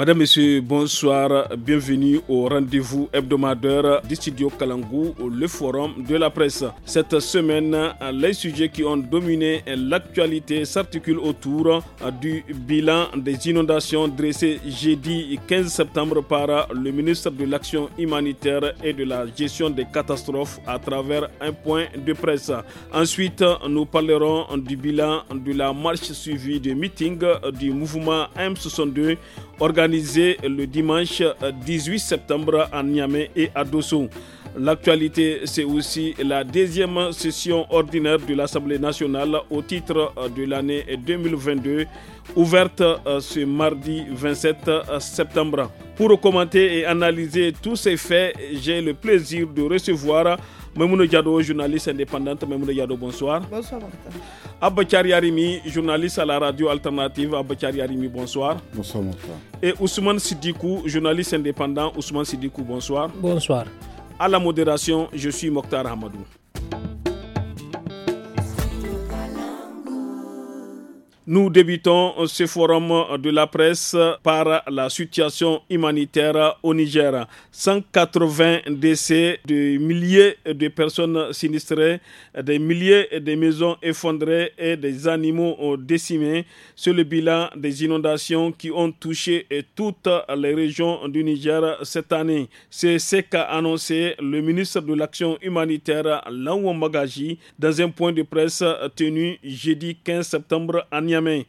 Madame, Monsieur, bonsoir. Bienvenue au rendez-vous hebdomadaire du studio Kalangou, le forum de la presse. Cette semaine, les sujets qui ont dominé l'actualité s'articulent autour du bilan des inondations dressé jeudi 15 septembre par le ministre de l'Action humanitaire et de la gestion des catastrophes à travers un point de presse. Ensuite, nous parlerons du bilan de la marche suivie des meetings du mouvement M62 organisé le dimanche 18 euh, septembre à Niamey et à Dosso. L'actualité, c'est aussi la deuxième session ordinaire de l'Assemblée nationale au titre euh, de l'année 2022, ouverte euh, ce mardi 27 septembre. Pour commenter et analyser tous ces faits, j'ai le plaisir de recevoir Memoune Diado, journaliste indépendante. Memoune Diado, bonsoir. Bonsoir, Martin. Abachari Yarimi, journaliste à la radio alternative. Abachari Yarimi, bonsoir. Bonsoir, Mokhtar. Et Ousmane Sidikou, journaliste indépendant. Ousmane Sidikou, bonsoir. Bonsoir. À la modération, je suis Mokhtar Hamadou. Nous débutons ce forum de la presse par la situation humanitaire au Niger. 180 décès, des milliers de personnes sinistrées, des milliers de maisons effondrées et des animaux décimés. sur le bilan des inondations qui ont touché toutes les régions du Niger cette année. C'est ce qu'a annoncé le ministre de l'Action humanitaire, Laouan Magaji, dans un point de presse tenu jeudi 15 septembre à Niamey. Niamey.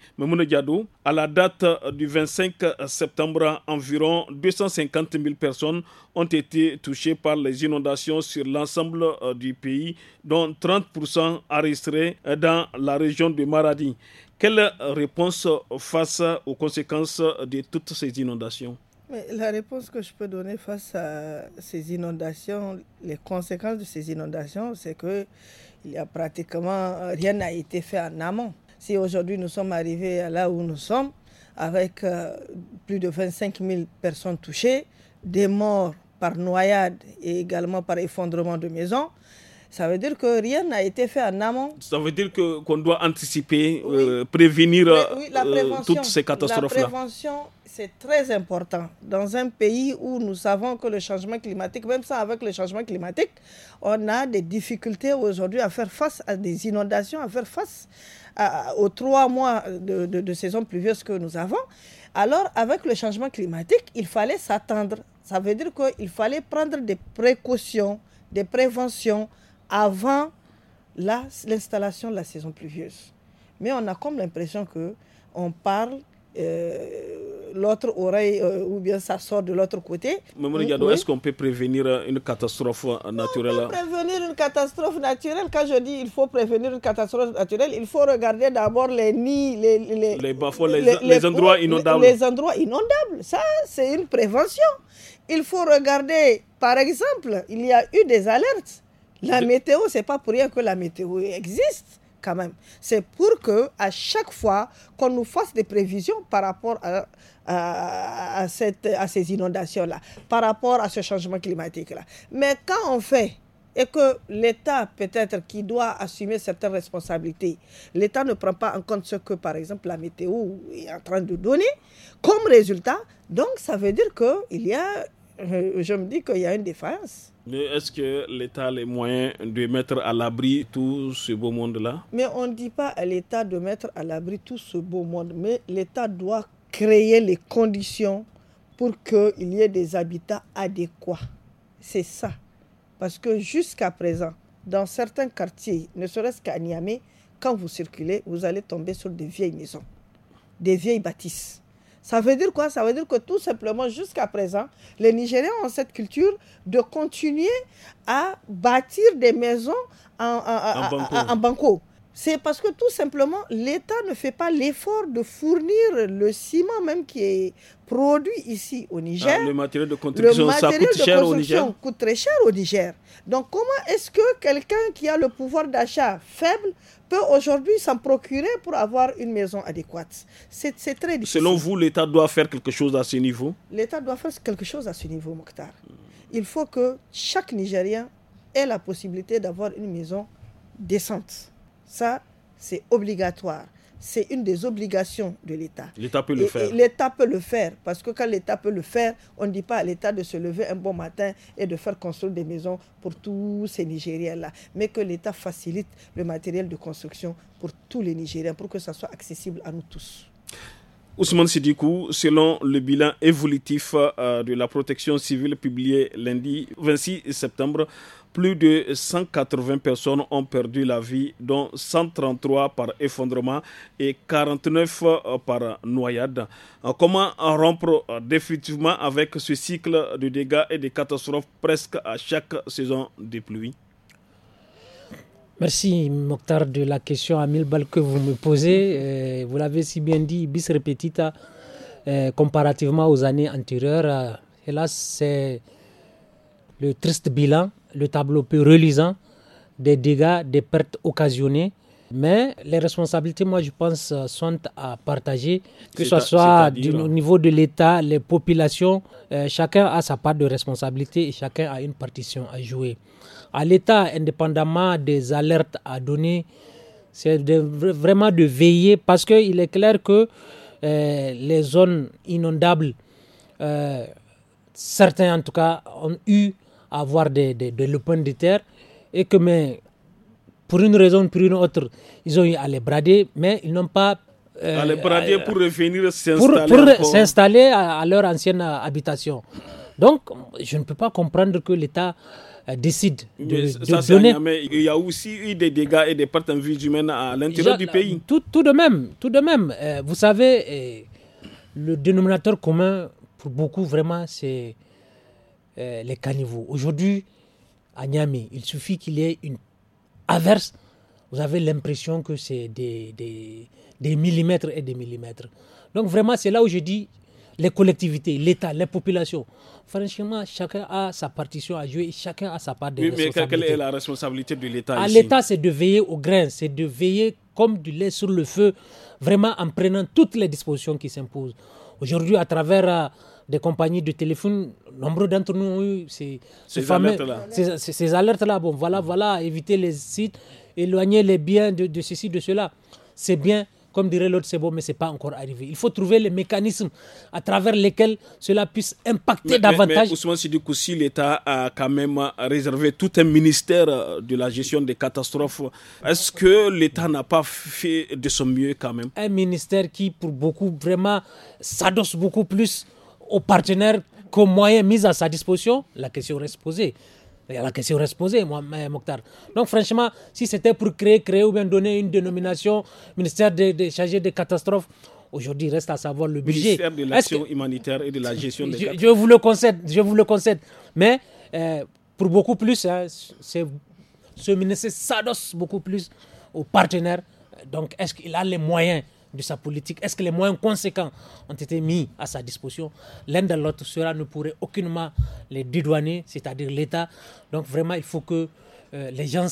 à la date du 25 septembre, environ 250 000 personnes ont été touchées par les inondations sur l'ensemble euh, du pays, dont 30% enregistrés euh, dans la région de Maradi. Quelle réponse face aux conséquences de toutes ces inondations la réponse que je peux donner face à ces inondations, les conséquences de ces inondations, c'est que il a pratiquement euh, rien n'a été fait en amont. Si aujourd'hui nous sommes arrivés là où nous sommes, avec euh, plus de 25 000 personnes touchées, des morts par noyade et également par effondrement de maisons, ça veut dire que rien n'a été fait en amont. Ça veut dire que qu'on doit anticiper, euh, prévenir euh, toutes ces catastrophes-là. La prévention, c'est très important. Dans un pays où nous savons que le changement climatique, même ça avec le changement climatique, on a des difficultés aujourd'hui à faire face à des inondations, à faire face aux trois mois de, de saison pluvieuse que nous avons. Alors, avec le changement climatique, il fallait s'attendre. Ça veut dire qu'il fallait prendre des précautions, des préventions avant l'installation de la saison pluvieuse. Mais on a comme l'impression que on parle euh, l'autre oreille euh, ou bien ça sort de l'autre côté. Mais est-ce qu'on peut prévenir une catastrophe naturelle On peut prévenir une catastrophe naturelle. Quand je dis il faut prévenir une catastrophe naturelle, il faut regarder d'abord les nids, les, les, les endroits inondables. Les endroits inondables, ça c'est une prévention. Il faut regarder, par exemple, il y a eu des alertes la météo, c'est pas pour rien que la météo existe quand même. C'est pour que à chaque fois qu'on nous fasse des prévisions par rapport à, à ces inondations-là, par rapport à ce changement climatique-là. Mais quand on fait et que l'État, peut-être, qui doit assumer certaines responsabilités, l'État ne prend pas en compte ce que, par exemple, la météo est en train de donner comme résultat. Donc, ça veut dire qu'il y a, je me dis qu'il y a une défaillance. Mais Est-ce que l'État a les moyens de mettre à l'abri tout ce beau monde-là Mais on ne dit pas à l'État de mettre à l'abri tout ce beau monde, mais l'État doit créer les conditions pour qu'il y ait des habitats adéquats. C'est ça. Parce que jusqu'à présent, dans certains quartiers, ne serait-ce qu'à Niamey, quand vous circulez, vous allez tomber sur des vieilles maisons, des vieilles bâtisses. Ça veut dire quoi Ça veut dire que tout simplement, jusqu'à présent, les Nigériens ont cette culture de continuer à bâtir des maisons en, banco. C'est parce que tout simplement, l'État ne fait pas l'effort de fournir le ciment même qui est produit ici au ah, Niger. le matériel de construction, ça coûte cher au Niger. coûte très cher au Niger. Donc comment est-ce que quelqu'un qui a le pouvoir d'achat faible peut aujourd'hui s'en procurer pour avoir une maison adéquate C'est très difficile. Selon vous, l'État doit faire quelque chose à ce niveau L'État doit faire quelque chose à ce niveau, Mokhtar. Il faut que chaque Nigérien ait la possibilité d'avoir une maison décente ça, c'est obligatoire. C'est une des obligations de l'État. L'État peut le faire. L'État peut le faire, parce que quand l'État peut le faire, on ne dit pas à l'État de se lever un bon matin et de faire construire des maisons pour tous ces Nigériens-là, mais que l'État facilite le matériel de construction pour tous les Nigériens, pour que ça soit accessible à nous tous. Ousmane Sidikou, selon le bilan évolutif euh, de la protection civile publié lundi 26 septembre, plus de 180 personnes ont perdu la vie, dont 133 par effondrement et 49 euh, par noyade. Euh, comment rompre euh, définitivement avec ce cycle de dégâts et de catastrophes presque à chaque saison de pluies Merci Mokhtar de la question à mille balles que vous me posez. Vous l'avez si bien dit, bis repetita, comparativement aux années antérieures. Hélas, c'est le triste bilan le tableau plus relisant des dégâts, des pertes occasionnées. Mais les responsabilités, moi, je pense, euh, sont à partager, que ce soit du, au niveau de l'État, les populations. Euh, chacun a sa part de responsabilité et chacun a une partition à jouer. À l'État, indépendamment des alertes à donner, c'est vraiment de veiller parce qu'il est clair que euh, les zones inondables, certains en tout cas, ont eu avoir des, des, de terre et que, mais pour une raison, ou pour une autre, ils ont eu à les brader, mais ils n'ont pas. Euh, à les brader pour revenir s'installer. Pour, s'installer à, leur ancienne habitation. Donc, je ne peux pas comprendre que l'État euh, décide de, donner. Mais il y a aussi eu des dégâts et des pertes en vie humaine à l'intérieur du pays. Tout, de même, tout de même. Euh, vous savez, le dénominateur commun pour beaucoup, vraiment, c'est euh, les caniveaux. Aujourd'hui, à Niamey, il suffit qu'il y ait une averse. Vous avez l'impression que c'est des, des, millimètres et des millimètres. Donc vraiment, c'est là où je dis les collectivités, l'État, les populations. Franchement, chacun a sa partition à jouer, chacun a sa part de responsabilité. mais quelle est la responsabilité de l'État À l'État, c'est de veiller au grain, c'est de veiller comme du lait sur le feu, vraiment en prenant toutes les dispositions qui s'imposent. Aujourd'hui, à travers euh, des compagnies de téléphone, nombreux d'entre nous ont eu ces, ces, alertes-là. Bon, voilà, voilà, éviter les sites, éloigner les biens de, de ceci, de cela. C'est bien, comme dirait l'autre, c'est bon, mais ce n'est pas encore arrivé. Il faut trouver les mécanismes à travers lesquels cela puisse impacter davantage. Mais, Ousmane coup si l'État a quand même réservé tout un ministère de la gestion des catastrophes, est-ce que l'État n'a pas fait de son mieux quand même Un ministère qui, pour beaucoup, vraiment, s'adosse beaucoup plus aux partenaires comme moyens mis à sa disposition, la question reste posée. La question reste posée, moi, Mokhtar. Donc, franchement, si c'était pour créer, créer ou bien donner une dénomination, ministère des de, chargé des catastrophes, Aujourd'hui, reste à savoir le budget. Ministère humanitaire et de la gestion des je, vous le concède, je vous le concède. Mais euh, pour beaucoup plus, hein, c'est ce ministère s'adosse beaucoup plus aux partenaires. Donc, est-ce qu'il a les moyens de sa politique Est-ce que les moyens conséquents ont été mis à sa disposition L'un de l'autre, cela ne pourrait aucunement les dédouaner, c'est-à-dire l'État. Donc vraiment, il faut que euh, les gens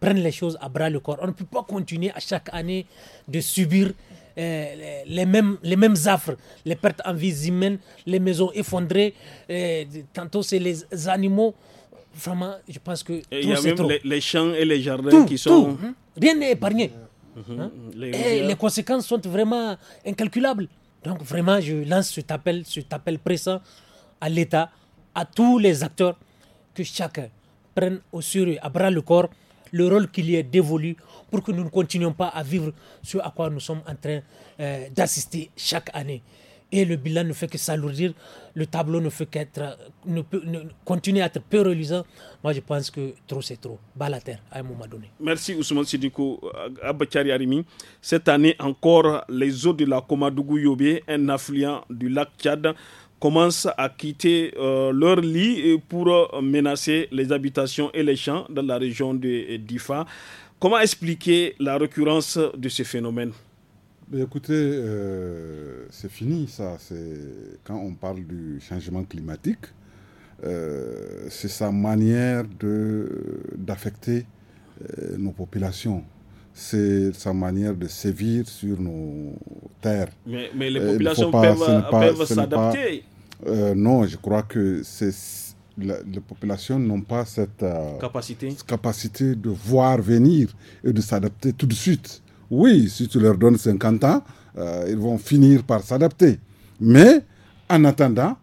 prennent les choses à bras le corps. On ne peut pas continuer à chaque année de subir euh, les, mêmes, les mêmes affres, les pertes en vies humaines, les maisons effondrées, euh, tantôt c'est les animaux. Vraiment, je pense que... Il y a même Les, champs et les jardins qui sont... Tout. Mmh. Rien n'est épargné. Mhm. Hein? les, conséquences sont vraiment incalculables. Donc vraiment, je lance cet appel, cet appel pressant à l'État, à tous les acteurs, que chacun prenne au sérieux, à bras le corps, le rôle qu'il lui est dévolu pour que nous ne continuions pas à vivre ce à quoi nous sommes en train euh, d'assister chaque année. Et le bilan ne fait que s'alourdir, le tableau ne fait qu'être, ne, continuer à être peu reluisant. Moi, je pense que trop, c'est trop. Bas la terre, à un moment donné. Merci Ousmane Sidiko Abachari Arimi. Cette année encore, les eaux de la Komadougou Yobé, un affluent du lac Tchad, commencent à quitter euh, leur lit pour euh, menacer les habitations et les champs dans la région de euh, Difa. Comment expliquer la récurrence de ce phénomène mais écoutez, euh, c'est fini ça. Quand on parle du changement climatique, euh, c'est sa manière d'affecter euh, nos populations. C'est sa manière de sévir sur nos terres. Mais, les populations peuvent s'adapter. non, je crois que c'est les populations n'ont pas cette capacité. capacité de voir venir et de s'adapter tout de suite oui, si tu leur donnes 50 ans, euh, ils vont finir par s'adapter. Mais en attendant,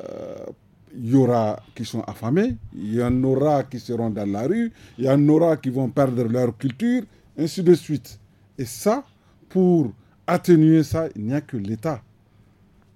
il euh, y aura qui sont affamés, il y en aura qui seront dans la rue, il y en aura qui vont perdre leur culture, ainsi de suite. Et ça, pour atténuer ça, il n'y a que l'État.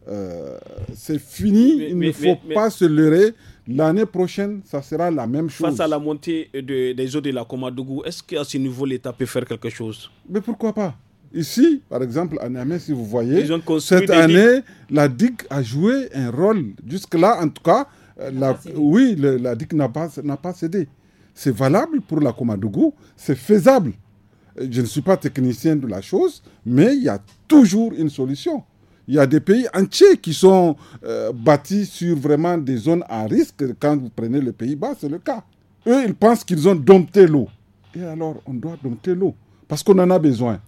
Euh, c'est fini, il ne faut pas se leurrer, L'année prochaine, ça sera la même chose. Face à la montée des eaux de la Comadougou, est-ce qu'à ce niveau, l'État peut faire quelque chose Mais pourquoi pas Ici, par exemple, à Niamey, si vous voyez, cette année, la digue a joué un rôle. Jusque-là, en tout cas, euh, oui, la digue n'a pas, pas cédé. C'est valable pour la Comadougou, c'est faisable. Euh, je ne suis pas technicien de la chose, mais il y a toujours une solution. Il y a des pays entiers qui sont euh, bâtis sur vraiment des zones à risque. Quand vous prenez les Pays-Bas, c'est le cas. Eux, ils pensent qu'ils ont dompté l'eau. Et alors, on doit dompter l'eau parce qu'on en a besoin.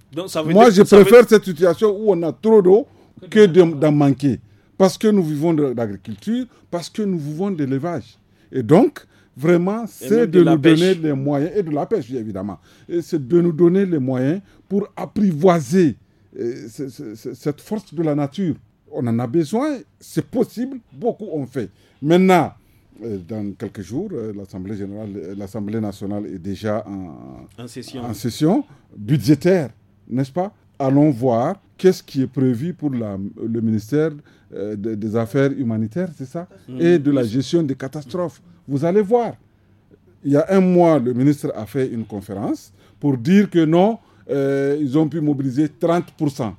Moi, je préfère cette situation où on a trop d'eau que d'en manquer. Parce que nous vivons de l'agriculture, parce que nous vivons de l'élevage. Et donc, vraiment, c'est de, nous donner les moyens, et de la pêche, évidemment, c'est de nous donner les moyens pour apprivoiser cette force de la nature. On en a besoin, c'est possible, beaucoup ont fait. Maintenant, euh, dans quelques jours, euh, l'Assemblée générale, euh, l'Assemblée nationale est déjà en, session. en session. budgétaire, n'est-ce pas Allons voir qu'est-ce qui est prévu pour la, le ministère des Affaires humanitaires, c'est ça mm. Et de la gestion des catastrophes. Vous allez voir. Il y a un mois, le ministre a fait une conférence pour dire que non, euh, ils ont pu mobiliser 30%.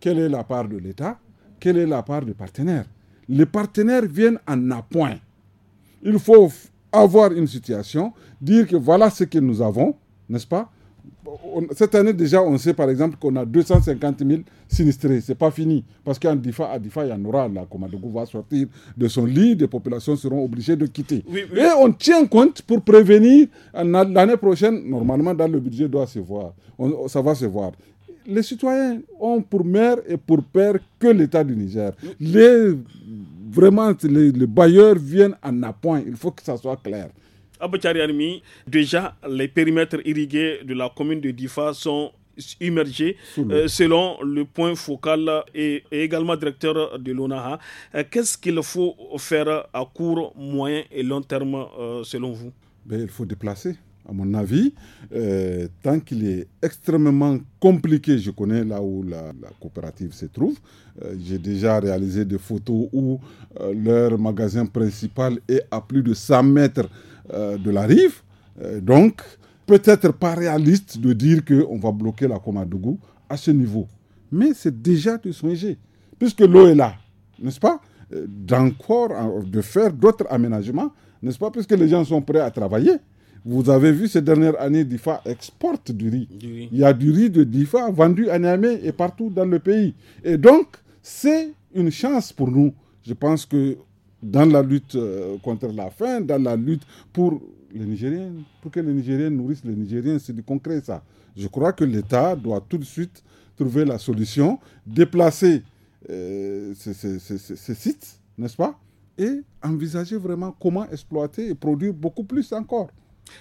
Quelle est la part de l'État Quelle est la part des partenaires Les partenaires viennent en appoint. Il faut avoir une situation, dire que voilà ce que nous avons, n'est-ce pas cette année déjà, on sait par exemple qu'on a 250 000 sinistrés. C'est pas fini. Parce qu'à Difa, à il y en aura. La Komadougou va sortir de son lit. Des populations seront obligées de quitter. Mais on tient compte pour prévenir. L'année prochaine, normalement, dans le budget, doit se voir. ça va se voir les citoyens ont pour mère et pour père que l'État du Niger. Les, vraiment, les, les, bailleurs viennent en appoint. Il faut que ça soit clair. Abou déjà, les périmètres irrigués de la commune de Difa sont immergés euh, selon le point focal et, également directeur de l'ONAHA. Euh, qu'est-ce qu'il faut faire à court, moyen et long terme euh, selon vous ben, Il faut déplacer. À mon avis, tant qu'il est extrêmement compliqué, je connais là où la coopérative se trouve, j'ai déjà réalisé des photos où leur magasin principal est à plus de 100 mètres euh, de la rive. Euh, donc, peut-être pas réaliste de dire qu'on va bloquer la Comadougou à ce niveau. Mais c'est déjà de songer, puisque l'eau est là, n'est-ce pas euh, D'encore, de faire d'autres aménagements, n'est-ce pas Puisque les gens sont prêts à travailler. Vous avez vu ces dernières années, DIFA exporte du riz. du riz. Il y a du riz de DIFA vendu à Niamey et partout dans le pays. Et donc, c'est une chance pour nous. Je pense que dans la lutte euh, contre la faim, dans la lutte pour les Nigériens, pour que les Nigériens nourrissent les Nigériens. C'est du concret, ça. Je crois que l'État doit tout de suite trouver la solution, déplacer euh, ces, sites, n'est-ce pas Et envisager vraiment comment exploiter et produire beaucoup plus encore.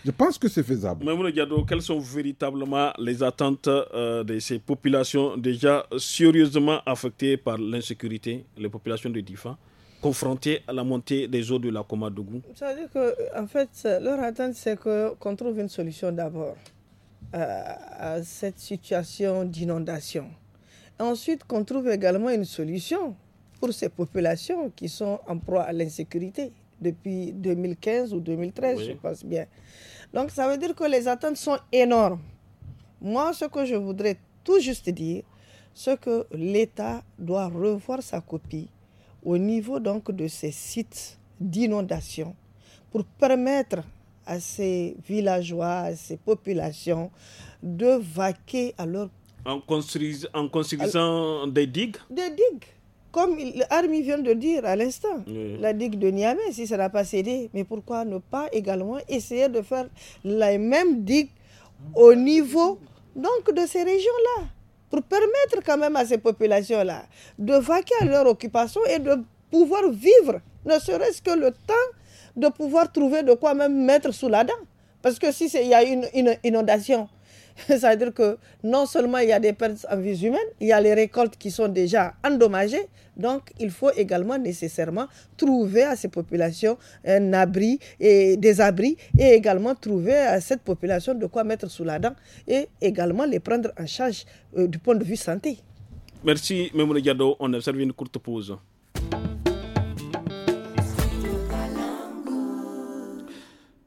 Je pense que c'est faisable. Mme Diado, quelles sont véritablement les attentes euh, de ces populations déjà sérieusement affectées par l'insécurité, les populations de Difa confrontés à la montée des eaux de la Comadougou Ça veut dire que, en fait, leur attente, c'est qu'on trouve une solution d'abord euh, à, cette situation d'inondation. Ensuite, qu'on trouve également une solution pour ces populations qui sont en proie à l'insécurité depuis 2015 ou 2013, je pense bien. Donc, ça veut dire que les attentes sont énormes. Moi, ce que je voudrais tout juste dire, c'est que l'État doit revoir sa copie au niveau donc de ces sites d'inondation pour permettre à ces villageois, à ces populations de vaquer à leur... En, construisant, en des digues Des digues. Comme l'armée vient de dire à l'instant, la digue de Niamey, si ça n'a pas cédé, mais pourquoi ne pas également essayer de faire la même digue au niveau donc de ces régions-là pour permettre quand même à ces populations-là de vaquer à leur occupation et de pouvoir vivre, ne serait-ce que le temps de pouvoir trouver de quoi même mettre sous la dent. Parce que s'il y a une inondation, C'est-à-dire que non seulement il y a des pertes en vie humaine, il y a les récoltes qui sont déjà endommagées. Donc, il faut également nécessairement trouver à ces populations un abri et des abris et également trouver à cette population de quoi mettre sous la dent et également les prendre en charge euh, du point de vue santé. Merci, Mme Diado. On observe une courte pause.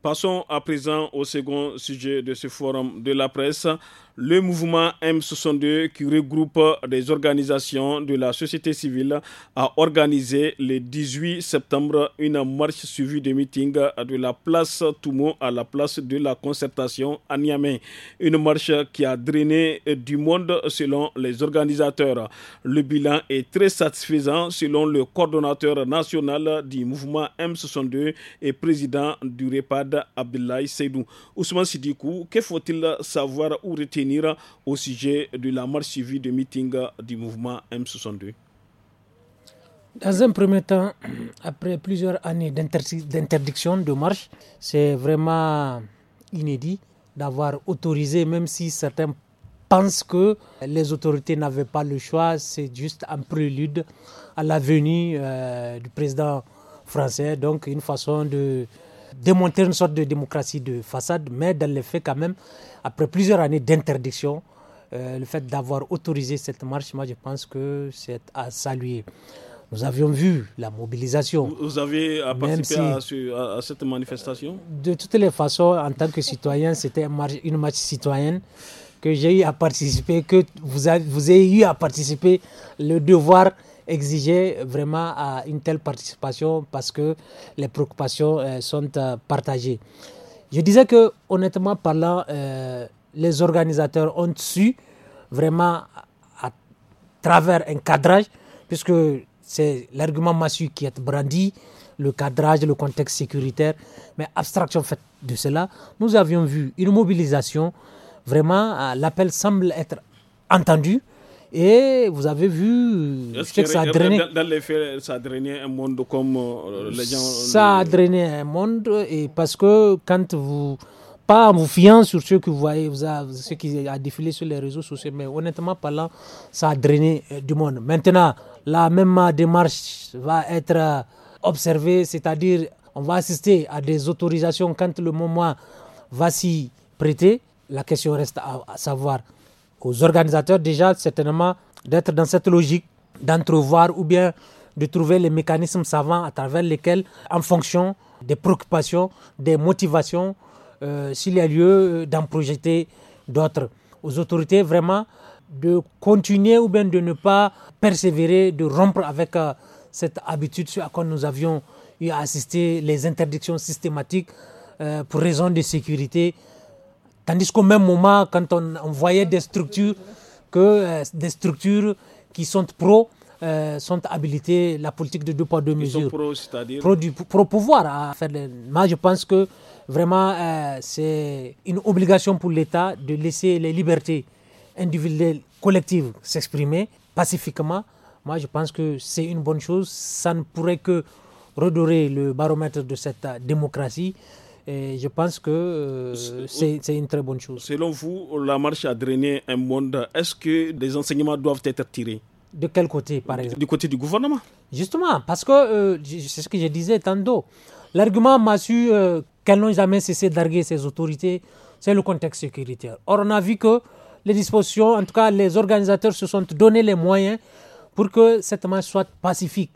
Passons à présent au second sujet de ce forum de la presse le mouvement M62, qui regroupe des organisations de la société civile, a organisé le 18 septembre une marche suivie de meeting de la place Toumo à la place de la concertation à Niamey. Une marche qui a drainé du monde selon les organisateurs. Le bilan est très satisfaisant selon le coordonnateur national du mouvement M62 et président du REPAD, Abdoulaye Seydou. Ousmane Sidikou, que faut-il savoir ou retenir au sujet de la marche suivie de meeting du mouvement M62 dans un premier temps, après plusieurs années d'interdiction de marche, c'est vraiment inédit d'avoir autorisé, même si certains pensent que les autorités n'avaient pas le choix, c'est juste un prélude à la venue euh, du président français, donc une façon de Démonter une sorte de démocratie de façade, mais dans les faits quand même, après plusieurs années d'interdiction, euh, le fait d'avoir autorisé cette marche, moi je pense que c'est à saluer. Nous avions vu la mobilisation. Vous, avez participé à, cette manifestation De toutes les façons, en tant que citoyen, c'était une marche, une marche citoyenne que j'ai eu à participer, que vous, avez, vous avez eu à participer, le devoir exiger vraiment une telle participation parce que les préoccupations euh, sont euh, partagées. Je disais que, honnêtement parlant, euh, les organisateurs ont su vraiment à travers un cadrage, puisque c'est l'argument massu qui est brandi, le cadrage, le contexte sécuritaire, mais abstraction faite de cela, nous avions vu une mobilisation, vraiment l'appel semble être entendu, et vous avez vu, je que ça a drainé. Dans les faits, ça a drainé un monde comme euh, les gens. Ça a drainé un monde, et parce que quand vous. Pas en vous fiant sur ce que vous voyez, vous ce qui a défilé sur les réseaux sociaux, mais honnêtement parlant, ça a drainé euh, du monde. Maintenant, la même démarche va être euh, observée, c'est-à-dire on va assister à des autorisations quand le moment va s'y prêter. La question reste à savoir aux organisateurs déjà certainement d'être dans cette logique d'entrevoir ou bien de trouver les mécanismes savants à travers lesquels, en fonction des préoccupations, des motivations, euh, s'il y a lieu euh, d'en projeter d'autres. Aux autorités, vraiment, de continuer ou bien de ne pas persévérer, de rompre avec euh, cette habitude à laquelle nous avions eu à les interdictions systématiques pour raison de sécurité, Tandis qu'au même moment, quand on, voyait des structures, que, euh, des structures qui sont pro, euh, sont habilitées, la politique de deux poids, deux mesures. Pro, cest pro, pouvoir hein, à faire. Moi, je pense que vraiment, euh, c'est une obligation pour l'État de laisser les libertés individuelles, collectives s'exprimer pacifiquement. Moi, je pense que c'est une bonne chose. Ça ne pourrait que redorer le baromètre de cette démocratie. Et je pense que euh, c'est une très bonne chose. Selon vous, la marche a drainé un monde. Est-ce que des enseignements doivent être tirés De quel côté, par exemple Du côté du gouvernement. Justement, parce que euh, c'est ce que je disais tantôt. L'argument m'a su euh, qu'elles n'ont jamais cessé d'arguer ces autorités, c'est le contexte sécuritaire. Or, on a vu que les dispositions, en tout cas les organisateurs se sont donné les moyens pour que cette marche soit pacifique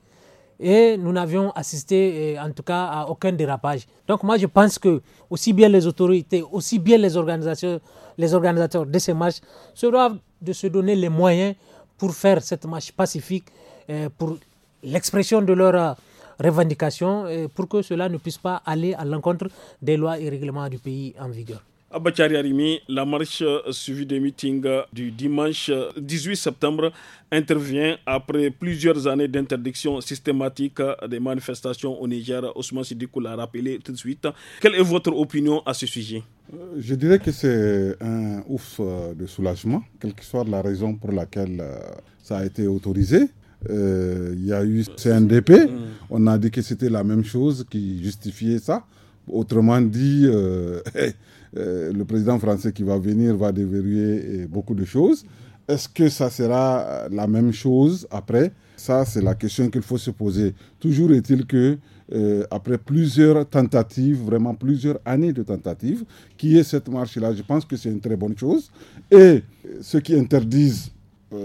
et nous n'avions assisté euh, en tout cas à aucun dérapage. Donc moi je pense que aussi bien les autorités, aussi bien les organisateurs, les organisateurs de ces marches se doivent de se donner les moyens pour faire cette marche pacifique, euh, pour l'expression de leurs euh, revendications, pour que cela ne puisse pas aller à l'encontre des lois et règlements du pays en vigueur. Abachari Arimi, la marche suivie des meetings du dimanche 18 septembre intervient après plusieurs années d'interdiction systématique des manifestations au Niger. Ousmane Sidikou l'a rappelé tout de suite. Quelle est votre opinion à ce sujet euh, Je dirais que c'est un ouf euh, de soulagement, quelle que soit la raison pour laquelle euh, ça a été autorisé. il y a eu CNDP, mm. on a dit que c'était la même chose qui justifiait ça. Autrement dit, euh, Euh, le président français qui va venir va déverrouiller euh, beaucoup de choses. Est-ce que ça sera la même chose après Ça, c'est la question qu'il faut se poser. Toujours est-il que euh, après plusieurs tentatives, vraiment plusieurs années de tentatives, qui est cette marche-là, je pense que c'est une très bonne chose. Et ceux qui interdisent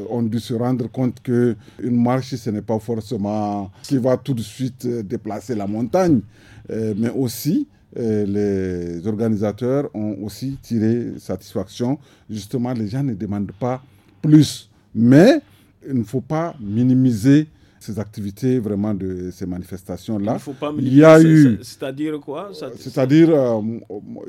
ont dû se rendre compte que une marche, ce n'est pas forcément ce qui va tout de suite déplacer la montagne, mais aussi les organisateurs ont aussi tiré satisfaction. Justement, les gens ne demandent pas plus. Mais il ne faut pas minimiser ces activités, vraiment de ces manifestations-là. Il ne faut pas minimiser. y a eu. C'est-à-dire quoi euh, C'est-à-dire, euh,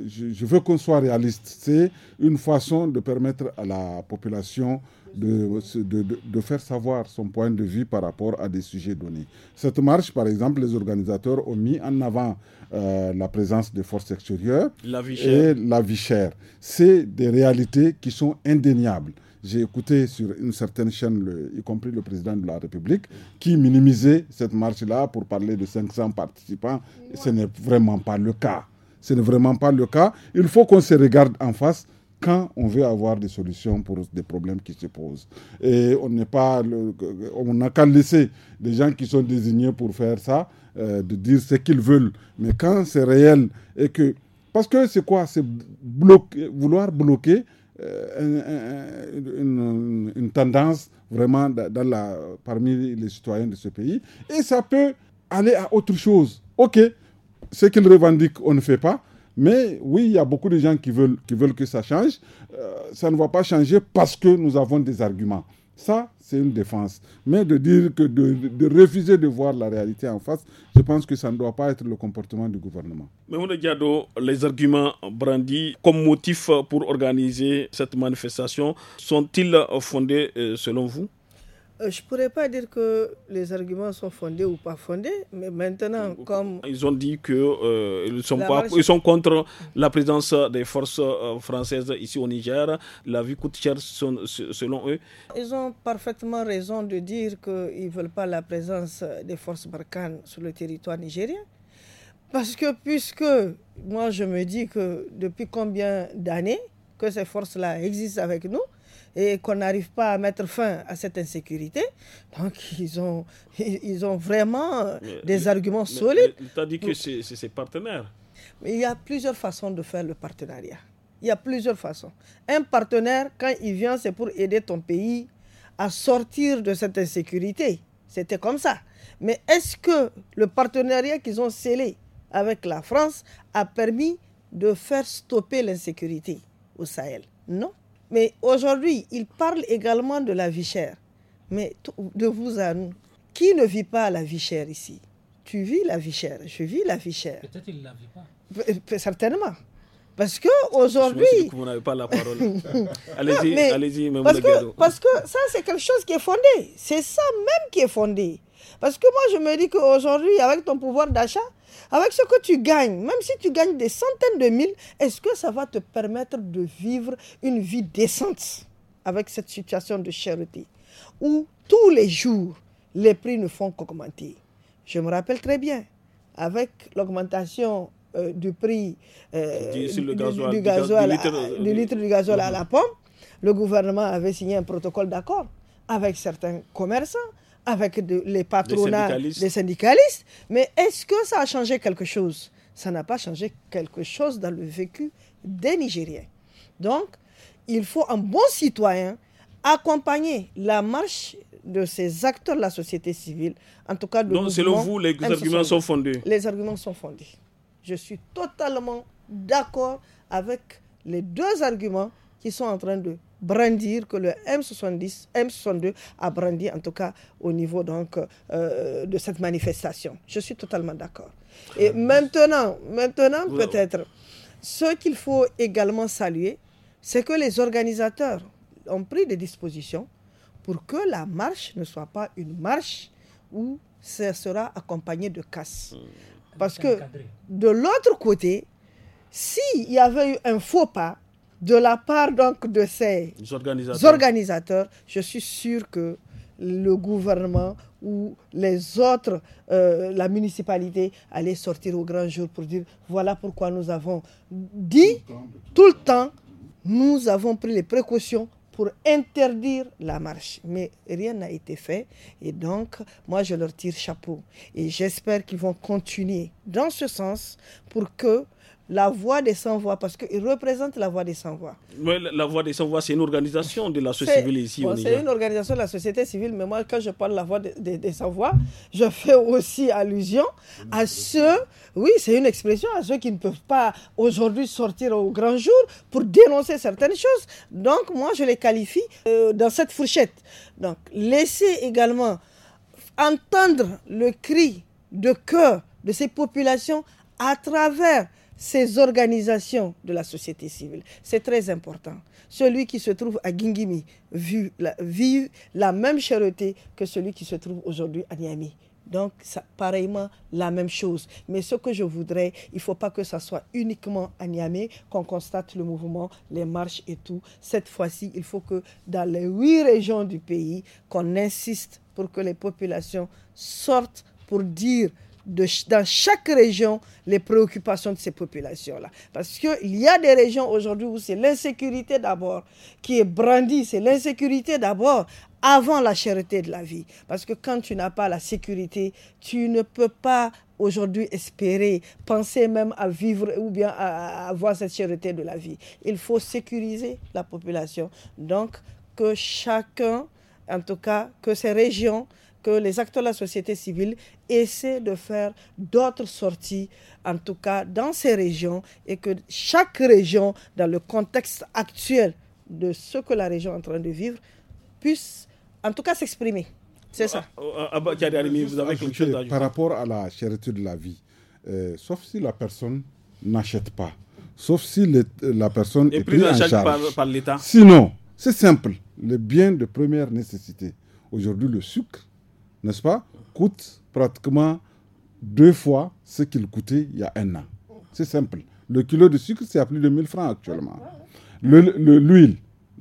je veux qu'on soit réaliste. C'est une façon de permettre à la population de, de, de, faire savoir son point de vue par rapport à des sujets donnés. Cette marche, par exemple, les organisateurs ont mis en avant euh, la présence de forces extérieures et la vie chère. C'est des réalités qui sont indéniables j'ai écouté sur une certaine chaîne, y compris le président de la République, qui minimisait cette marche-là pour parler de 500 participants. Ce n'est vraiment pas le cas. Ce n'est vraiment pas le cas. Il faut qu'on se regarde en face quand on veut avoir des solutions pour des problèmes qui se posent. Et on n'est pas, on n'a qu'à laisser des gens qui sont désignés pour faire ça, euh, de dire ce qu'ils veulent. Mais quand c'est réel et que, parce que c'est quoi, c'est bloquer, vouloir bloquer euh, une, tendance vraiment dans la, parmi les citoyens de ce pays. Et ça peut aller à autre chose. Ok, ce qu'ils revendiquent, on ne fait pas. Mais oui, il y a beaucoup de gens qui veulent, qui veulent que ça change. Euh, ça ne va pas changer parce que nous avons des arguments. Ça, c'est une défense. Mais de dire que de, refuser de voir la réalité en face, je pense que ça ne doit pas être le comportement du gouvernement. Mais on Diado, les arguments brandis comme motif pour organiser cette manifestation sont-ils fondés euh, selon vous euh, je ne pourrais pas dire que les arguments sont fondés ou pas fondés, mais maintenant, comme... Ils ont dit qu'ils euh, sont, ils sont contre la présence des forces euh, françaises ici au Niger. La vie coûte cher selon eux. Ils ont parfaitement raison de dire qu'ils ne veulent pas la présence des forces Barkhane sur le territoire nigérien. Parce que puisque moi je me dis que depuis combien d'années que ces forces-là existent avec nous, et qu'on n'arrive pas à mettre fin à cette insécurité. Donc, ils ont, ils ont vraiment euh, des arguments solides. Tu as dit que c'est ses partenaires. Il y a plusieurs façons de faire le partenariat. Il y a plusieurs façons. Un partenaire, quand il vient, c'est pour aider ton pays à sortir de cette insécurité. C'était comme ça. Mais est-ce que le partenariat qu'ils ont scellé avec la France a permis de faire stopper l'insécurité au Sahel Non. Mais aujourd'hui, il parle également de la vie chère. Mais de vous à nous, qui ne vit pas la vie chère ici Tu vis la vie chère, je vis la vie chère. Peut-être qu'il ne la vit pas. Certainement. Parce que aujourd'hui. Je que vous n'avez pas la parole. allez-y, allez-y, même parce que, parce que ça, c'est quelque chose qui est fondé. C'est ça même qui est fondé. Parce que moi, je me dis qu'aujourd'hui, avec ton pouvoir d'achat, avec ce que tu gagnes, même si tu gagnes des centaines de mille, est-ce que ça va te permettre de vivre une vie décente avec cette situation de charité où tous les jours, les prix ne font qu'augmenter Je me rappelle très bien, avec l'augmentation euh, du prix euh, du, litre, à, du mhm. à la pompe, le gouvernement avait signé un protocole d'accord avec certains commerçants avec les patronats, les syndicalistes. Mais est-ce que ça a changé quelque chose Ça n'a pas changé quelque chose dans le vécu des Nigériens. Donc, il faut un bon citoyen accompagner la marche de ces acteurs de la société civile, en tout cas de Donc, selon vous, les arguments sont fondés Les arguments sont fondés. Je suis totalement d'accord avec les deux arguments qui sont en train de brandir, que le M70, M62 a brandi, en tout cas au niveau donc, euh, de cette manifestation. Je suis totalement d'accord. Et ah, maintenant, maintenant peut-être, ce qu'il faut également saluer, c'est que les organisateurs ont pris des dispositions pour que la marche ne soit pas une marche où ça sera accompagné de casse. Hmm. Parce que de l'autre côté, s'il y avait eu un faux pas, de la part donc de ces organisateurs. je suis sûr que le gouvernement ou les autres, euh, la municipalité, allait sortir au grand jour pour dire voilà pourquoi nous avons dit tout le temps, nous avons pris les précautions pour interdire la marche. Mais rien n'a été fait. Et donc, moi, je leur tire chapeau. Et j'espère qu'ils vont continuer dans ce sens pour que la voix des sans-voix, parce qu'ils représentent la voix des sans-voix. mais la, voix des sans-voix, c'est une organisation de la société civile ici. c'est une organisation de la société civile, mais moi, quand je parle de la voix des sans-voix, je fais aussi allusion à ceux, oui, c'est une expression, à ceux qui ne peuvent pas aujourd'hui sortir au grand jour pour dénoncer certaines choses. Donc, moi, je les qualifie euh, dans cette fourchette. Donc, laisser également entendre le cri de cœur de ces populations à travers ces organisations de la société civile. C'est très important. Celui qui se trouve à Gingimi vit la, même charité que celui qui se trouve aujourd'hui à Niamey. Donc, ça, pareillement, la même chose. Mais ce que je voudrais, il ne faut pas que ça soit uniquement à Niamey qu'on constate le mouvement, les marches et tout. Cette fois-ci, il faut que dans les huit régions du pays, qu'on insiste pour que les populations sortent pour dire dans chaque région les préoccupations de ces populations-là. Parce qu'il y a des régions aujourd'hui où c'est l'insécurité d'abord qui est brandie, c'est l'insécurité d'abord avant la charité de la vie. Parce que quand tu n'as pas la sécurité, tu ne peux pas aujourd'hui espérer, penser même à vivre ou bien à, avoir cette charité de la vie. Il faut sécuriser la population. Donc, que chacun, en tout cas, que ces régions que les acteurs de la société civile essaient de faire d'autres sorties, en tout cas dans ces régions, et que chaque région, dans le contexte actuel de ce que la région est en train de vivre, puisse en tout cas s'exprimer. C'est ça. Euh, euh, euh, par rapport à la charité de la vie, sauf si la personne n'achète pas, sauf si la personne est prise en charge par, par l'État. Sinon, c'est simple, les biens de première nécessité. Aujourd'hui, le sucre, n'est-ce pas, coûte pratiquement deux fois ce qu'il coûtait il y a un an. C'est simple. Le kilo de sucre, c'est à plus de 1000 francs actuellement. L'huile, le,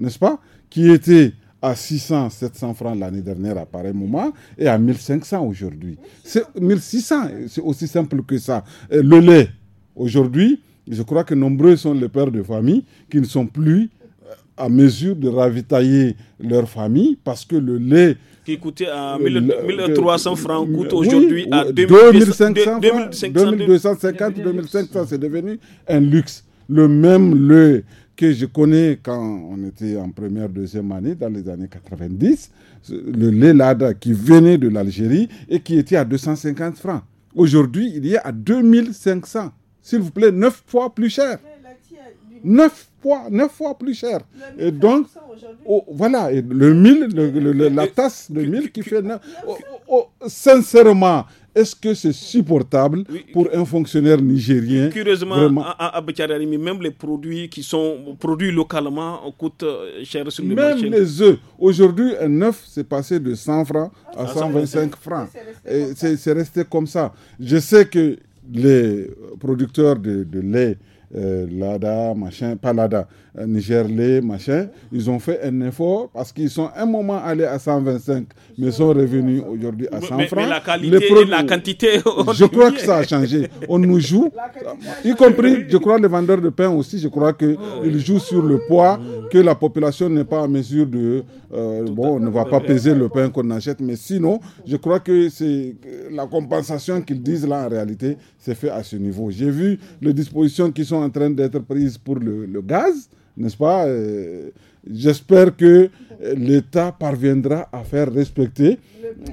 n'est-ce pas, qui était à 600, 700 francs l'année dernière à pareil moment et à 1500 aujourd'hui. C'est 1600, c'est aussi simple que ça. Le lait, aujourd'hui, je crois que nombreux sont les pères de famille qui ne sont plus à mesure de ravitailler leur famille parce que le lait qui coûtait à euh, 1300 francs coûte aujourd'hui à 2500 2250 2500 c'est devenu un luxe le même lait que je connais quand on était en première, deuxième année, dans les années 90, le lait Lada qui venait de l'Algérie et qui était à 250 francs. Aujourd'hui, il est à 2500. S'il vous plaît, neuf fois plus cher. 9 fois, 9 fois plus cher. Et donc, oh, voilà, le 1000, la tasse de mille qui fait 9. sincèrement, est-ce que c'est supportable pour un fonctionnaire nigérien Curieusement, même les produits qui sont produits localement coûtent euh, cher sur le marché. Même les œufs. Aujourd'hui, un œuf, c'est passé de 100 francs ah, à, 125 francs. C'est resté, resté comme ça. Je sais que les producteurs de, de lait euh, Lada, machin, pas Lada, euh, Nigerlé, machin, ils ont fait un effort parce qu'ils sont un moment allés à 125 mais sont revenus aujourd'hui à 100 mais, francs. Mais la qualité la quantité. Je crois que ça a changé. On nous joue, y compris, je crois, les vendeurs de pain aussi, je crois qu'ils jouent sur le poids que la population n'est pas en mesure de. Euh, bon, on ne va pas peser le pain qu'on achète, mais sinon, je crois que c'est la compensation qu'ils disent là, en réalité, c'est fait à ce niveau. J'ai vu les dispositions qui sont en train d'être prises pour le, gaz, n'est-ce pas euh, J'espère que euh, l'État parviendra à faire respecter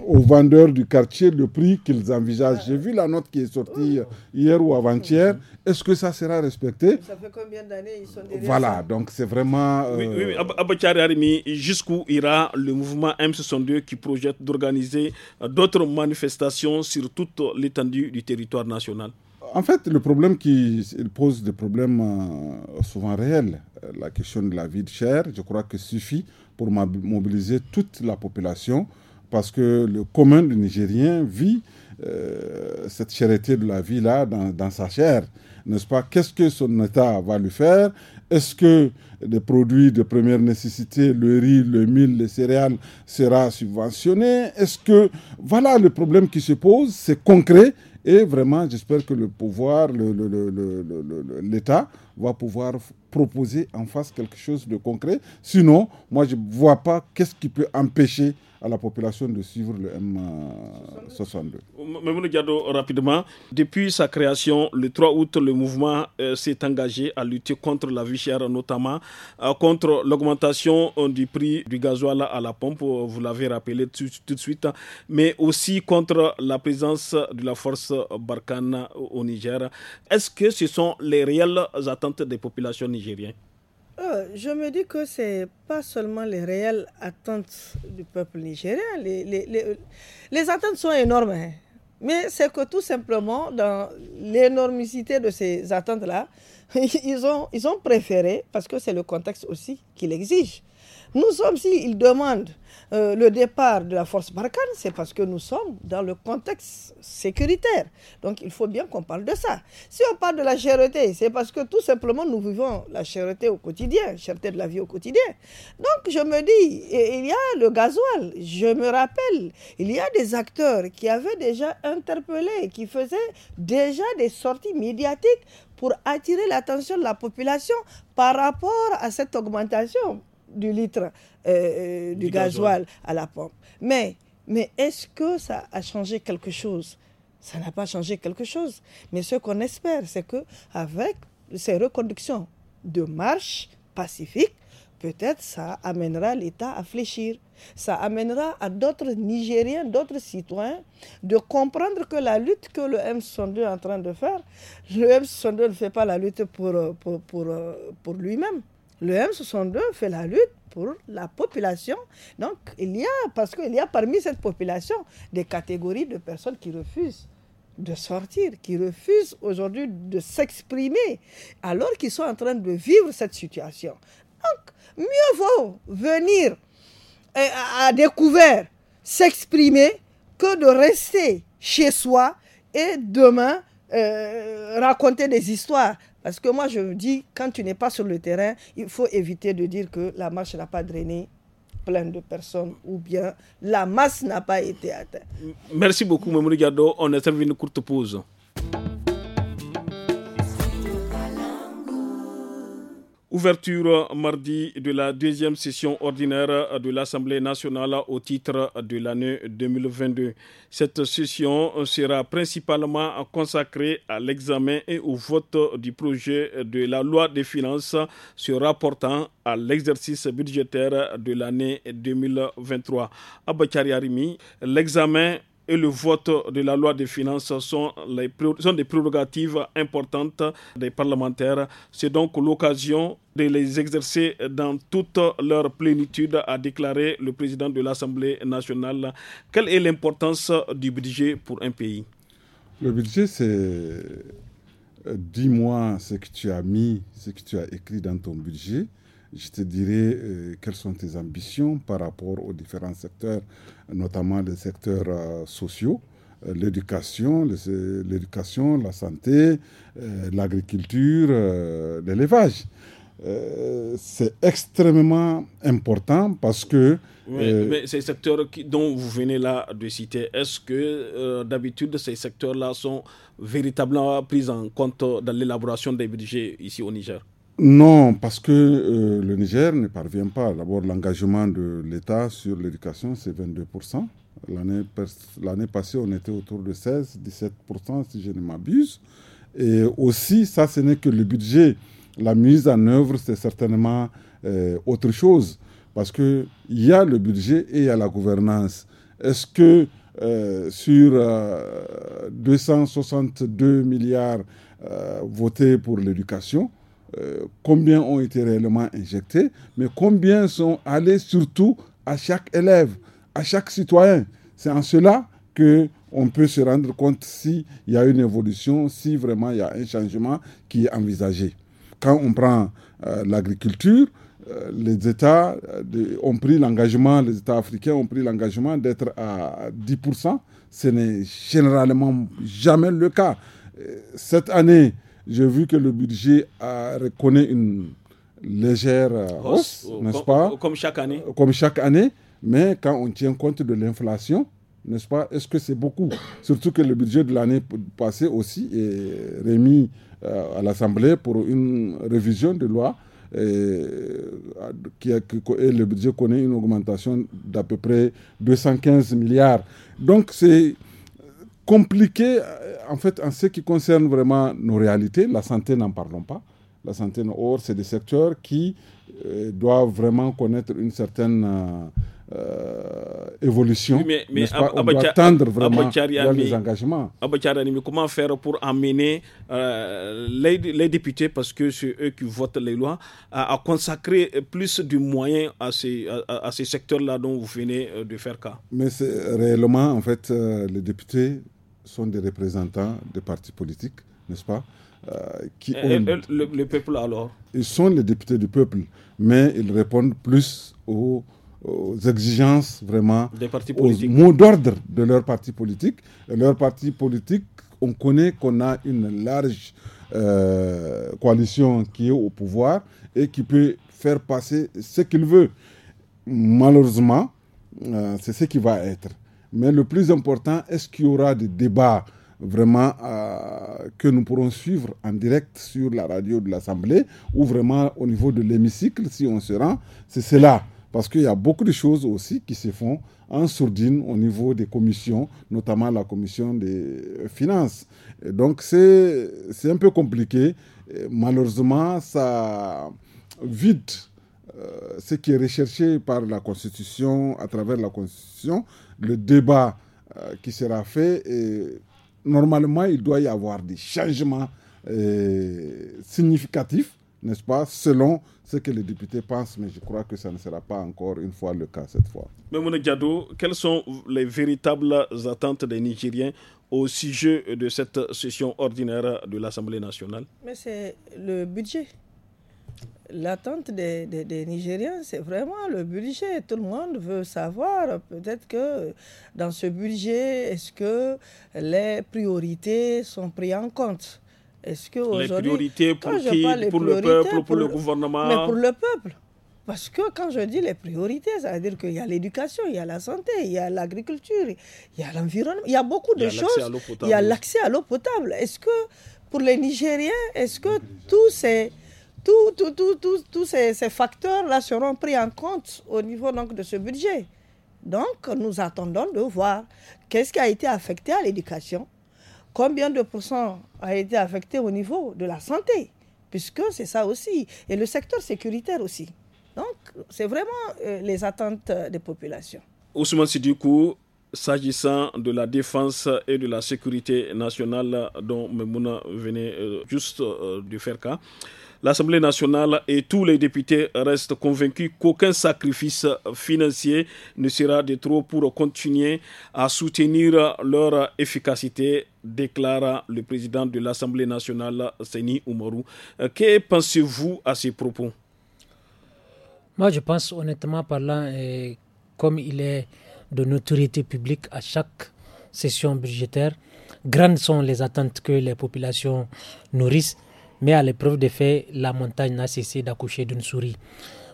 aux vendeurs du quartier le prix qu'ils envisagent. J'ai vu la note qui est sortie euh, hier ou avant-hier. Est-ce que ça sera respecté Ça fait combien d'années sont Voilà, donc c'est vraiment... Euh, oui, oui, oui. Abachari Arimi, jusqu'où ira le mouvement M62 qui projette d'organiser d'autres manifestations sur toute l'étendue du territoire national en fait, le problème qui pose des problèmes euh, souvent réels, euh, la question de la vie de chair, je crois que suffit pour mobiliser toute la population parce que le commun du Nigérien vit euh, cette charité de la vie-là dans, sa chair. N'est-ce pas Qu'est-ce que son État va lui faire Est-ce que les produits de première nécessité, le riz, le mil, les céréales, sera subventionné Est-ce que... Voilà le problème qui se pose, c'est concret et vraiment, j'espère que le pouvoir, l'État va pouvoir proposer en face quelque chose de concret. Sinon, moi, je ne vois pas qu'est-ce qui peut empêcher à la population de suivre le M62. Euh, Mme Diado, rapidement, depuis sa création, le 3 août, le mouvement euh, s'est engagé à lutter contre la vie chère, notamment euh, contre l'augmentation du prix du gasoil à la pompe, vous l'avez rappelé tout, de suite, mais aussi contre la présence de la force Barkhane au Niger. Est-ce que ce sont les réelles attentes des populations nigériennes euh, je me dis que c'est pas seulement les réelles attentes du peuple nigérien. Les, attentes sont énormes. Hein. Mais c'est que tout simplement, dans l'énormicité de ces attentes-là, ils ont, ils ont préféré, parce que c'est le contexte aussi qui l'exige. Nous sommes, ils demandent euh, le départ de la force Barkhane, c'est parce que nous sommes dans le contexte sécuritaire. Donc il faut bien qu'on parle de ça. Si on parle de la chéreté, c'est parce que tout simplement nous vivons la chéreté au quotidien, chéreté de la vie au quotidien. Donc je me dis, il y a le gasoil, je me rappelle, il y a des acteurs qui avaient déjà interpellé, qui faisaient déjà des sorties médiatiques pour attirer l'attention de la population par rapport à cette augmentation du litre euh, euh, du, gasoil. à la pompe. Mais, mais est-ce que ça a changé quelque chose Ça n'a pas changé quelque chose. Mais ce qu'on espère, c'est que avec ces reconductions de marche pacifique, peut-être ça amènera l'État à fléchir. Ça amènera à d'autres Nigériens, d'autres citoyens de comprendre que la lutte que le M62 est en train de faire, le M62 ne fait pas la lutte pour, euh, pour, pour lui-même. Le M62 fait la lutte pour la population. Donc, il y a, parce qu'il y a parmi cette population des catégories de personnes qui refusent de sortir, qui refusent aujourd'hui de s'exprimer, alors qu'ils sont en train de vivre cette situation. Donc, mieux vaut venir euh, à, découvert, s'exprimer, que de rester chez soi et demain euh, raconter des histoires, parce que moi, je dis, quand tu n'es pas sur le terrain, il faut éviter de dire que la marche n'a pas drainé plein de personnes ou bien la masse n'a pas été atteinte. Merci beaucoup, Mme Gado. On a servi une courte pause. Ouverture euh, mardi de la deuxième session ordinaire euh, de l'Assemblée nationale au titre euh, de l'année 2022. Cette session sera principalement consacrée à l'examen et au vote du projet de la loi des finances se rapportant à l'exercice budgétaire de l'année 2023. Abakari Arimi, l'examen et le vote de la loi des finances sont, des prérogatives importantes des parlementaires. C'est donc l'occasion de les exercer dans toute leur plénitude, a déclaré le président de l'Assemblée nationale. Quelle est l'importance du budget pour un pays Le budget, c'est euh, dis-moi ce que tu as mis, ce que tu as écrit dans ton budget je te dirais euh, quelles sont tes ambitions par rapport aux différents secteurs, notamment les secteurs euh, sociaux, euh, l'éducation, l'éducation, la santé, l'agriculture, l'élevage. c'est extrêmement important parce que mais, ces secteurs dont vous venez là de citer, est-ce que d'habitude ces secteurs-là sont véritablement pris en compte dans l'élaboration des budgets ici au Niger non, parce que euh, le Niger ne parvient pas. D'abord, l'engagement de l'État sur l'éducation, c'est 22%. L'année passée, on était autour de 16-17%, si je ne m'abuse. Et aussi, ça, ce n'est que le budget. La mise en œuvre, c'est certainement euh, autre chose. Parce qu'il y a le budget et il y a la gouvernance. Est-ce que euh, sur 262 milliards votés pour l'éducation, euh, combien ont été réellement injectés, mais combien sont allés surtout à chaque élève, à chaque citoyen. C'est en cela que on peut se rendre compte s'il y a une évolution, si vraiment il y a un changement qui est envisagé. Quand on prend euh, l'agriculture, euh, les États ont pris l'engagement, les États africains ont pris l'engagement d'être à 10%. Ce n'est généralement jamais le cas. Cette année, j'ai vu que le budget a, une légère hausse, n'est-ce pas Comme chaque année. Euh, comme chaque année, mais quand on tient compte de l'inflation, n'est-ce pas Est-ce que c'est beaucoup Surtout que le budget de l'année passée aussi est remis euh, à l'Assemblée pour une révision de loi et, euh, et le budget connaît une augmentation d'à peu près 215 milliards. Donc c'est compliqué, euh, en fait, en ce qui concerne vraiment nos réalités. La santé, n'en parlons pas. La santé, or, c'est des secteurs qui euh, doivent vraiment connaître une certaine évolution. mais, attendre vraiment les engagements. comment faire pour amener euh, les, députés, parce que c'est eux qui votent les lois, à, consacrer plus de moyens à ces, à ces secteurs-là dont vous venez de faire cas Mais c'est réellement, en fait, les députés sont des représentants des partis politiques, n'est-ce pas euh, qui et, le, peuple alors Ils sont les députés du peuple, mais ils répondent plus aux, exigences vraiment, des partis aux mots d'ordre de leur parti politique. leur parti politique, on connaît qu'on a une large euh, coalition qui est au pouvoir et qui peut faire passer ce qu'il veut. Malheureusement, euh, c'est ce qui va être. Mais le plus important, est-ce qu'il y aura des débats vraiment euh, que nous pourrons suivre en direct sur la radio de l'Assemblée ou vraiment au niveau de l'hémicycle si on se rend C'est cela. Parce qu'il y a beaucoup de choses aussi qui se font en sourdine au niveau des commissions, notamment la commission des finances. donc c'est un peu compliqué. malheureusement, ça vide euh, ce qui est recherché par la Constitution, à travers la Constitution, le débat euh, qui sera fait, et normalement, il doit y avoir des changements euh, significatifs, n'est-ce pas, selon ce que les députés pensent, mais je crois que ça ne sera pas encore une fois le cas cette fois. Mais Mouna quelles sont les véritables attentes des Nigériens au sujet de cette session ordinaire de l'Assemblée nationale Mais c'est le budget l'attente des, Nigériens, c'est vraiment le budget. Tout le monde veut savoir, peut-être que dans ce budget, est-ce que les priorités sont prises en compte Est-ce que les priorités pour Pour le peuple, pour, le gouvernement Mais pour le peuple. Parce que quand je dis les priorités, ça veut dire qu'il y a l'éducation, il y a la santé, il y a l'agriculture, il y a l'environnement, il y a beaucoup de choses. Il y a l'accès à l'eau potable. Est-ce que pour les Nigériens, est-ce que tout c'est... Tous ces, facteurs-là seront pris en compte au niveau donc, de ce budget. Donc, nous attendons de voir qu'est-ce qui a été affecté à l'éducation, combien de pourcents a été affecté au niveau de la santé, puisque c'est ça aussi, et le secteur sécuritaire aussi. Donc, c'est vraiment euh, les attentes des populations. Ousmane coup, s'agissant de la défense et de la sécurité nationale dont Memouna venait euh, juste euh, de faire cas, l'Assemblée nationale et tous les députés restent convaincus qu'aucun sacrifice financier ne sera de trop pour continuer à soutenir leur efficacité, déclara le président de l'Assemblée nationale, Seni Oumarou. Euh, que pensez-vous à ces propos Moi, je pense honnêtement parlant, euh, comme il est de notoriété publique à chaque session budgétaire, grandes sont les attentes que les populations nourrissent mais à l'épreuve des faits, la montagne n'a cessé d'accoucher d'une souris.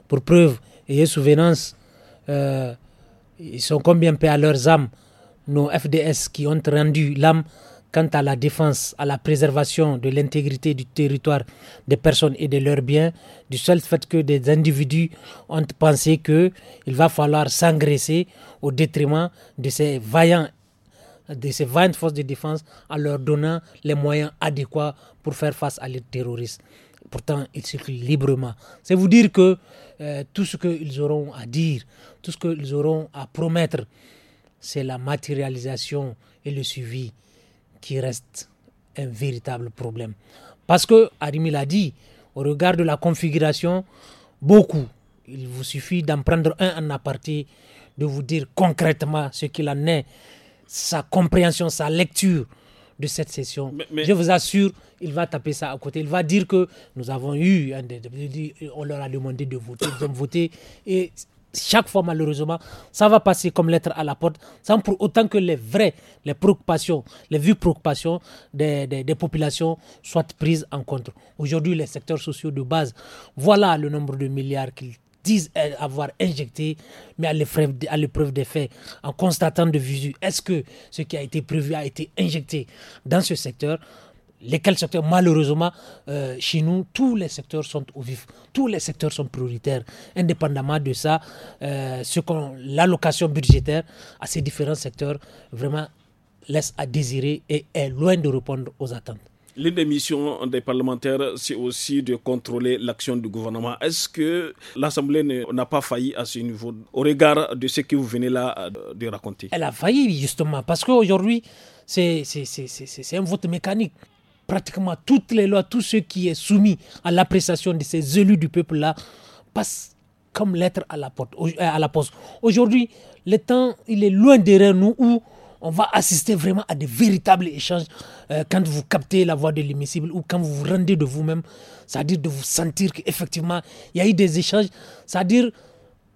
Pour preuve, ayez souvenance, euh, ils sont combien paix à leurs âmes, nos FDS qui ont rendu l'âme quant à la défense, à la préservation de l'intégrité du territoire des personnes et de leurs biens, du seul fait que des individus ont pensé qu'il va falloir s'engraisser au détriment de ces vaillants de ces 20 forces de défense en leur donnant les moyens adéquats pour faire face à les terroristes. Pourtant, ils circulent librement. C'est vous dire que euh, tout ce qu'ils auront à dire, tout ce qu'ils auront à promettre, c'est la matérialisation et le suivi qui reste un véritable problème. Parce que, Arimi a dit, au regard de la configuration, beaucoup, il vous suffit d'en prendre un en aparté, de vous dire concrètement ce qu'il en est sa compréhension, sa lecture de cette session. Je vous assure, il va taper ça à côté. Il va dire que nous avons eu, on leur a demandé de voter, ils ont voté. Et chaque fois, malheureusement, ça va passer comme lettre à la porte, sans pour autant que les vraies, les préoccupations, les vues préoccupations des, des populations soient prises en compte. Aujourd'hui, les secteurs sociaux de base, voilà le nombre de milliards qu'ils disent euh, avoir injecté, mais à l'épreuve des faits, en constatant de visu, est-ce que ce qui a été prévu a été injecté dans ce secteur lesquels secteurs Malheureusement, euh, chez nous, tous les secteurs sont au vif, tous les secteurs sont prioritaires. Indépendamment de ça, euh, qu'on l'allocation budgétaire à ces différents secteurs vraiment laisse à désirer et est loin de répondre aux attentes. L'une des missions des parlementaires, c'est aussi de contrôler l'action du gouvernement. Est-ce que l'Assemblée n'a pas failli à ce niveau au regard de ce que vous venez là euh, de raconter Elle a failli justement parce qu'aujourd'hui, c'est un vote mécanique. Pratiquement toutes les lois, tout ce qui est soumis à l'appréciation de ces élus du peuple-là passe comme lettre à la, porte, euh, à la poste. Aujourd'hui, le temps, il est loin derrière nous où on va assister vraiment à des véritables échanges euh, quand vous captez la voix de l'immiscible ou quand vous vous rendez de vous-même, c'est-à-dire de vous sentir qu'effectivement, il y a eu des échanges, c'est-à-dire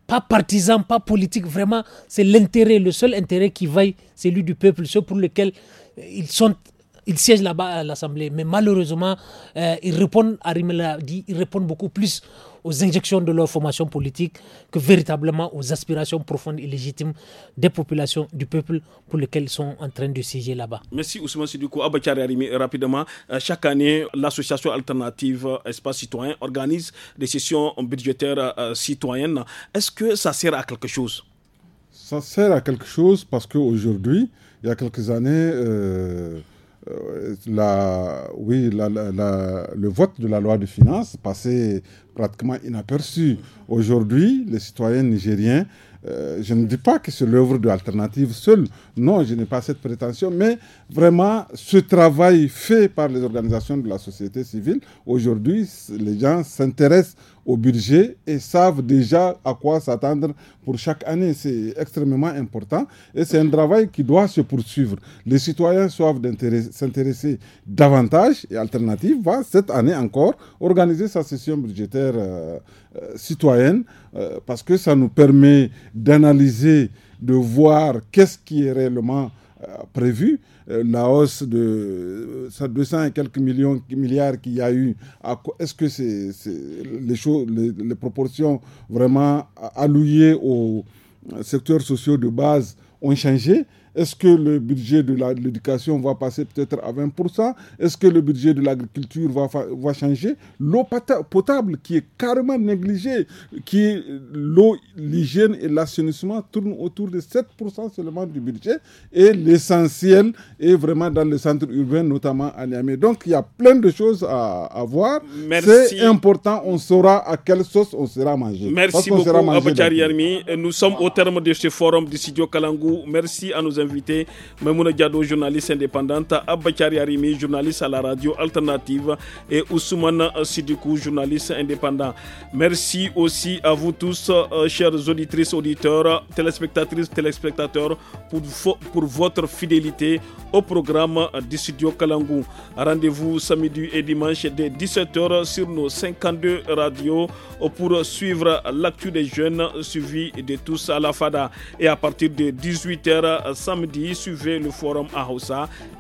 pas partisan, pas politique, vraiment, c'est l'intérêt, le seul intérêt qui vaille, c'est celui du peuple, ceux pour lequel euh, ils sont ils siègent là-bas à l'Assemblée, mais malheureusement, euh, ils répondent, à dit, ils répondent beaucoup plus aux injections de leur formation politique que véritablement aux aspirations profondes et légitimes des populations du peuple pour lesquelles ils sont en train de siéger là-bas. Merci Ousmane Sidoukou. Abakar rapidement, euh, chaque année, l'association alternative euh, Espace Citoyen organise des sessions budgétaires euh, citoyennes. Est-ce que ça sert à quelque chose Ça sert à quelque chose parce qu'aujourd'hui, il y a quelques années, euh, la, oui, le vote de la loi de finances passait pratiquement inaperçu. Aujourd'hui, les citoyens nigériens euh, je ne dis pas que c'est l'œuvre de l'alternative seule. Non, je n'ai pas cette prétention. Mais vraiment, ce travail fait par les organisations de la société civile, aujourd'hui, les gens s'intéressent au budget et savent déjà à quoi s'attendre pour chaque année. C'est extrêmement important et c'est un travail qui doit se poursuivre. Les citoyens doivent s'intéresser davantage et Alternative va cette année encore organiser sa session budgétaire euh, euh, citoyenne, euh, parce que ça nous permet d'analyser, de voir qu'est-ce qui est réellement euh, prévu. La hausse de 200 et quelques millions, milliards qu'il y a eu, est-ce que les, les proportions vraiment allouées aux secteurs sociaux de base ont changé est-ce que le budget de l'éducation va passer peut-être à 20% Est-ce que le budget de l'agriculture va, va changer L'eau potable qui est carrément négligée, qui l'eau, l'hygiène et l'assainissement tournent autour de 7% seulement du budget et l'essentiel est vraiment dans le centre urbain, notamment à Niamey. Donc il y a plein de choses à, voir. C'est important, on saura à quelle sauce on sera mangé. Merci beaucoup, Yarmi. Nous sommes au terme de ce forum du Kalangou. Merci à nos invité, Maimouna Diado, journaliste indépendante, Abakari Arimi, journaliste à la radio alternative et Ousmane Sidikou, journaliste indépendant. Merci aussi à vous tous, euh, chers auditrices, auditeurs, téléspectatrices, téléspectateurs, pour, pour votre fidélité au programme du studio Kalangou. Rendez-vous samedi et dimanche dès 17h sur nos 52 radios pour suivre l'actu des jeunes suivi de tous à la FADA. Et à partir de 18h, samedi, suivez le forum à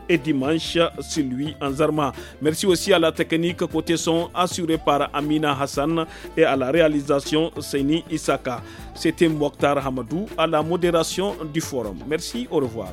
et dimanche celui en Zarma. Merci aussi à la technique côté son assurée par Amina Hassan et à la réalisation Seni Isaka. C'était Mokhtar Hamadou à la modération du forum. Merci, au revoir.